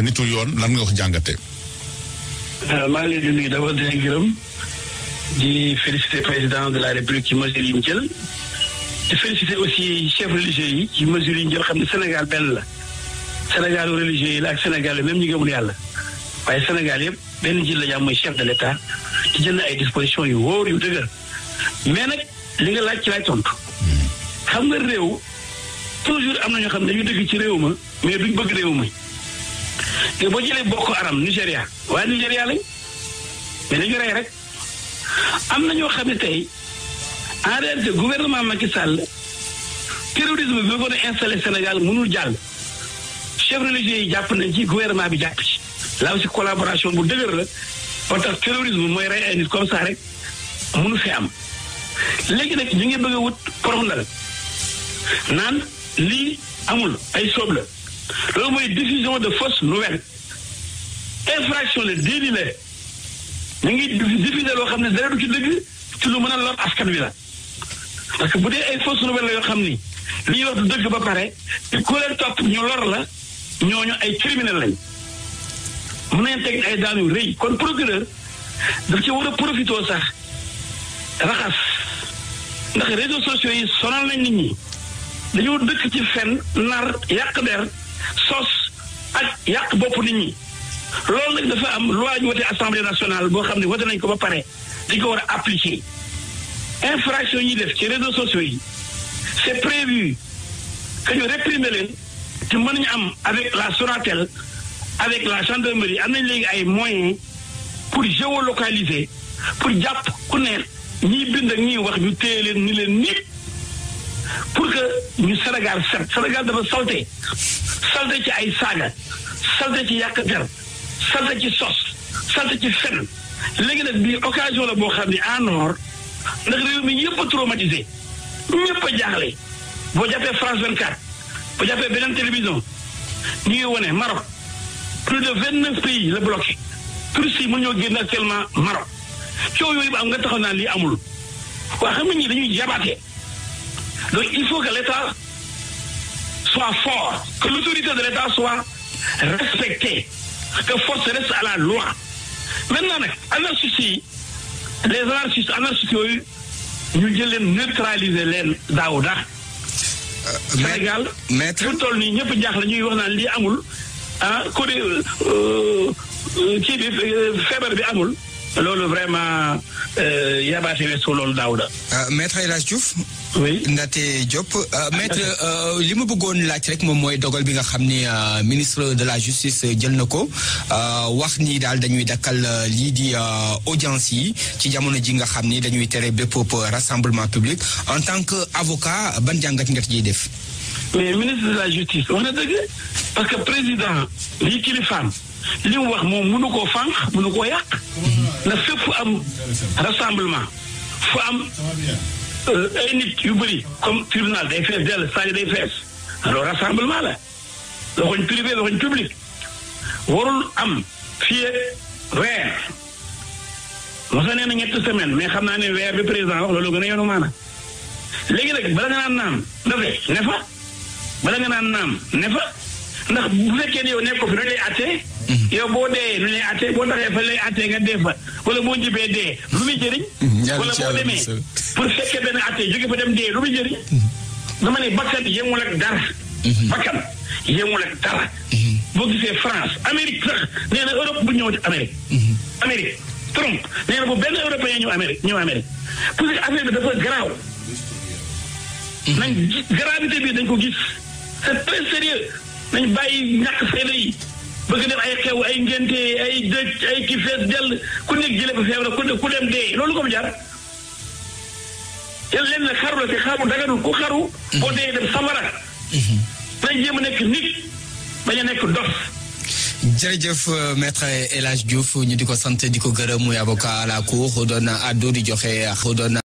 nitu yoon lan nga wax jàngate. Euh, maa ngi leen di nuyu d'abord di gërëm di féliciter président de la république ci mesures yi ñu jël di féliciter aussi chef religieux yi ci mesures yi ñu xam ne Sénégal benn la Sénégal religieux yi la ak Sénégal même ñi gëmul yàlla waaye Sénégal yëpp benn ji la ñu am mooy chef de l'État ci jël ay dispositions yu wóor yu dëgër mais nag li nga laaj ci laaj tontu hmm. xam nga réew toujours am na ñoo xam ne dañu dëgg ci réew ma mais duñ bëgg réew te boo jëlee bokk Haram Nigéria waaye Nigéria lañ mais dañu rey rek am na ñoo xam ne tey en réalité gouvernement Macky Sall terrorisme bi ba gën a installé Sénégal mënul jàll chef religieux yi jàpp nañ ci gouvernement bi jàpp ci. là aussi collaboration bu dëgër la ba tax terrorisme mooy rey ay nit comme ça rek mënu fi am léegi nag ñu ngi bëgg a wut porox ndal naan lii amul ay sobla loolu mooy diffusion de fausse nouvelle infraction le délit la ñu ngi diffuser loo xam ne dara ci dëgg ci lu mën a lor askan wi la parce que bu dee ay fausse nouvelle la yoo xam ni li ñuy du dëgg ba pare te ku leen topp ñu lor la ñoo ñooñu ay criminel lañ mën nañ teg ay daan yu rëy kon procureur daf ci war a profité sax raxas ndax réseaux sociaux yi sonal nañ nit ñi dañoo dëkk ci fen nar yàq der sos ak yàq bopp nit ñi loolu nag dafa am loi ñu wote assemblée nationale boo xam ne wote nañ ko ba pare dañ ko war a appliquer infraction yi def ci réseaux sociaux yi c'est prévu que ñu réprimer leen te mën ñu am avec la Sonatel avec la gendarmerie am nañ léegi ay moyens pour géolocaliser pour jàpp ku ne ñiy bind ak ñiy wax ñu téye leen ni leen nit pour que ñu Sénégal set Sénégal dafa salté salte ci ay saaga salte ci yàq der salte ci sos salte ci fen léegi nag bii occasion la boo xam ne en or ndax réew mi ñëpp a traumatisé ñëpp a jaaxle boo jàppee France 24 boo jàppee beneen télévision ñu ngi wone Maroc plus de vingt neuf pays la bloqué Turquie mën ñoo génn actuellement Maroc coow yooyu ba am nga taxaw naa lii amul waa xam nga ñii dañuy jabaatee donc il faut que l' soit fort, que l'autorité de l'État soit respectée, que force reste à la loi. Maintenant, anarchistes les anarchistes ñu nous neutraliser les d'Aouda, euh, mais loolu vraiment euh, yabaatee weesu loolu daaw la. Euh, maître El Diouf. oui Ndate Diop. Euh, maître li ma bëggoon laaj rek mom moy dogal bi nga xamni ministre de la justice jël nako ko wax ni dal dañuy dakal li di audience yi ci jamono ji nga xamni dañuy téré bepp rassemblement public en tant que avocat ban jàngat nga ciy def. mais ministre de la justice on a dëgg parce que président li femme li wax moom rassemblement fu am euh, ay comme tribunal day salle day fees alors rassemblement la privé public warul am na semaine mais xam ne weer bi président wax loolu gën a maana bala nga naan naam bala nga naan naam ndax bu yow yow boo dee nu lay àttee boo taxee fa lay àttee nga dee fa wala boo njëbee dee lu muy jëriñ. Mm-hmm. wala boo demee pour fekkee benn àttee jóge fa dem dee lu muy jëriñ. Mm-hmm. dama ne bakkan yemul ak dara. Mm-hmm. bakkan yemul ak dara. boo gisee France Amérique sax nee Europe bu ñëw ci Amérique. Amérique Trump nee na bu benn européen ñëw Amérique ñëw Amérique parce que affaire bi dafa garaaw. nañ gravité bi dañ ko gis c'est très sérieux nañ bàyyi ñàkk seede bëgg def ay xew ay ngénte ay dëj ay ki dell ku nekk jële ba feebar ku ku dem dee loolu ko mu jar te leen na xaru la te xaru daganul ku xaru boo mhm. dee dem safara mhm. nañ jéem nekk nit bañ a nekk dof jërëjëf euh, maître El Hadj ñu di ko sant di ko gërëm muy avocat à la cour doon di joxe doon